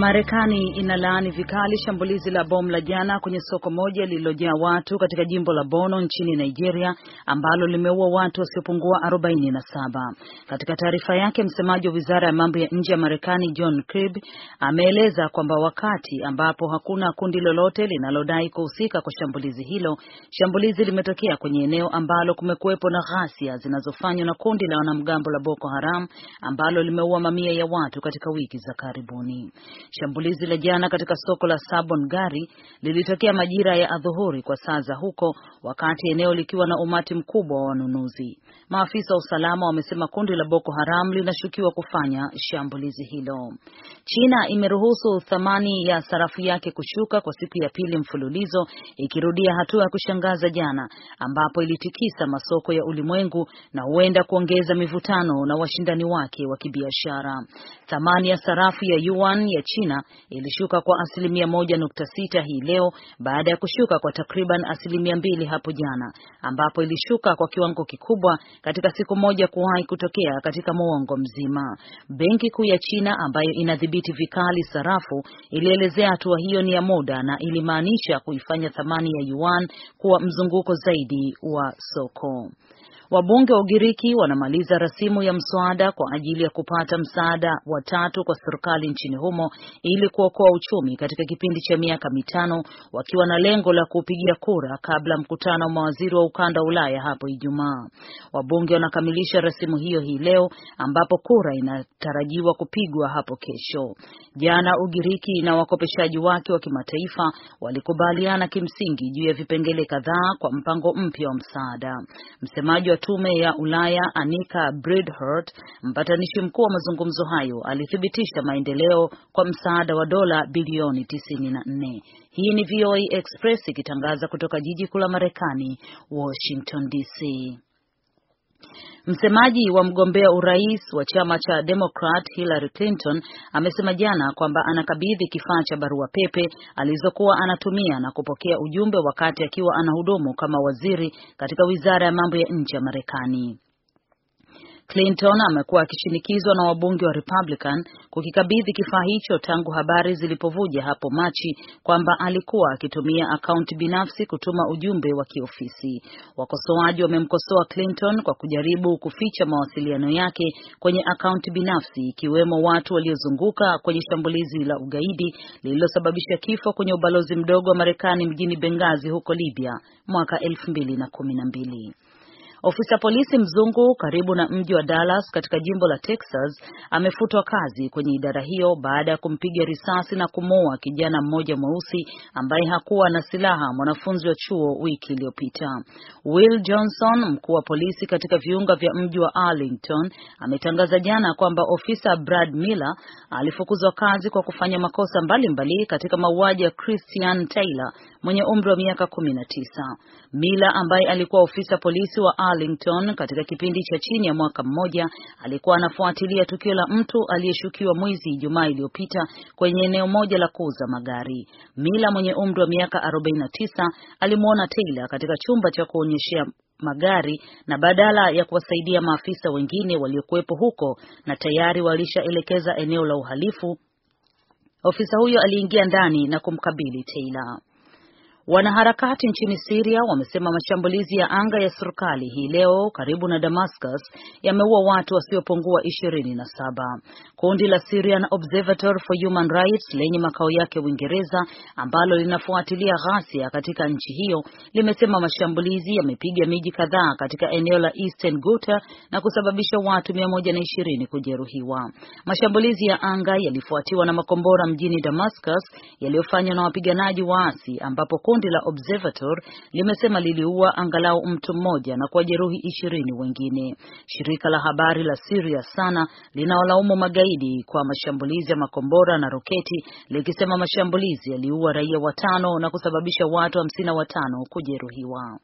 Marekani inalaani vikali shambulizi la bomu la jana kwenye soko moja lililojaa watu katika jimbo la bono nchini Nigeria ambalo limeua watu wasiopungua 47. Katika taarifa yake, msemaji wa Wizara ya Mambo ya Nje ya Marekani John Kirby ameeleza kwamba wakati ambapo hakuna kundi lolote linalodai kuhusika kwa shambulizi hilo, shambulizi limetokea kwenye eneo ambalo kumekuwepo na ghasia zinazofanywa na kundi la wanamgambo la Boko Haram ambalo limeua mamia ya watu katika wiki za karibuni. Shambulizi la jana katika soko la Sabon Gari lilitokea majira ya adhuhuri kwa saa za huko, wakati eneo likiwa na umati mkubwa wa wanunuzi. Maafisa wa usalama wamesema kundi la Boko Haram linashukiwa kufanya shambulizi hilo. China imeruhusu thamani ya sarafu yake kushuka kwa siku ya pili mfululizo, ikirudia hatua ya kushangaza jana, ambapo ilitikisa masoko ya ulimwengu na huenda kuongeza mivutano na washindani wake wa kibiashara. Thamani ya sarafu ya yuan ya China China ilishuka kwa asilimia moja nukta sita hii leo baada ya kushuka kwa takriban asilimia mbili hapo jana, ambapo ilishuka kwa kiwango kikubwa katika siku moja kuwahi kutokea katika muongo mzima. Benki Kuu ya China ambayo inadhibiti vikali sarafu ilielezea hatua hiyo ni ya muda na ilimaanisha kuifanya thamani ya yuan kuwa mzunguko zaidi wa soko. Wabunge wa Ugiriki wanamaliza rasimu ya mswada kwa ajili ya kupata msaada wa tatu kwa serikali nchini humo ili kuokoa uchumi katika kipindi cha miaka mitano, wakiwa na lengo la kupigia kura kabla mkutano wa mawaziri wa ukanda wa Ulaya hapo Ijumaa. Wabunge wanakamilisha rasimu hiyo hii leo ambapo kura inatarajiwa kupigwa hapo kesho. Jana Ugiriki na wakopeshaji wake wa kimataifa walikubaliana kimsingi juu ya vipengele kadhaa kwa mpango mpya wa msaada. Msemaji wa tume ya Ulaya Anika Bridhart, mpatanishi mkuu wa mazungumzo hayo, alithibitisha maendeleo kwa msaada wa dola bilioni 94. Hii ni VOA Express ikitangaza kutoka jiji kuu la Marekani, Washington DC. Msemaji wa mgombea urais wa chama cha Democrat Hillary Clinton amesema jana kwamba anakabidhi kifaa cha barua pepe alizokuwa anatumia na kupokea ujumbe wakati akiwa anahudumu kama waziri katika wizara ya mambo ya nje ya Marekani. Clinton amekuwa akishinikizwa na wabunge wa Republican kukikabidhi kifaa hicho tangu habari zilipovuja hapo Machi kwamba alikuwa akitumia akaunti binafsi kutuma ujumbe wa kiofisi. Wakosoaji wamemkosoa Clinton kwa kujaribu kuficha mawasiliano yake kwenye akaunti binafsi, ikiwemo watu waliozunguka kwenye shambulizi la ugaidi lililosababisha kifo kwenye ubalozi mdogo wa Marekani mjini Benghazi huko Libya mwaka 2012. Ofisa polisi mzungu karibu na mji wa Dallas katika jimbo la Texas amefutwa kazi kwenye idara hiyo baada ya kumpiga risasi na kumuua kijana mmoja mweusi ambaye hakuwa na silaha, mwanafunzi wa chuo wiki iliyopita. Will Johnson, mkuu wa polisi katika viunga vya mji wa Arlington, ametangaza jana kwamba ofisa Brad Miller alifukuzwa kazi kwa kufanya makosa mbalimbali mbali katika mauaji ya Christian Taylor mwenye umri wa miaka kumi na tisa. Mila ambaye alikuwa ofisa polisi wa Arlington katika kipindi cha chini ya mwaka mmoja alikuwa anafuatilia tukio la mtu aliyeshukiwa mwizi Ijumaa iliyopita kwenye eneo moja la kuuza magari. Mila mwenye umri wa miaka 49 alimwona Taylor katika chumba cha kuonyeshea magari na badala ya kuwasaidia maafisa wengine waliokuwepo huko na tayari walishaelekeza eneo la uhalifu, ofisa huyo aliingia ndani na kumkabili Taylor. Wanaharakati nchini Siria wamesema mashambulizi ya anga ya serikali hii leo karibu na Damascus yameua watu wasiopungua ishirini saba. Kundi la Syrian Observatory for Human Rights lenye makao yake Uingereza, ambalo linafuatilia ghasia katika nchi hiyo, limesema mashambulizi yamepiga miji kadhaa katika eneo la Eastern Ghouta na kusababisha watu 120 kujeruhiwa. Mashambulizi ya anga yalifuatiwa na makombora mjini Damascus yaliyofanywa na wapiganaji waasi ambapo kundi Kundi la Observator limesema liliua angalau mtu mmoja na jeruhi ishirini wengine. Shirika la habari la Syria Sana linawalaumu magaidi kwa mashambulizi ya makombora na roketi likisema mashambulizi yaliua raia watano na kusababisha watu hamsini na watano kujeruhiwa.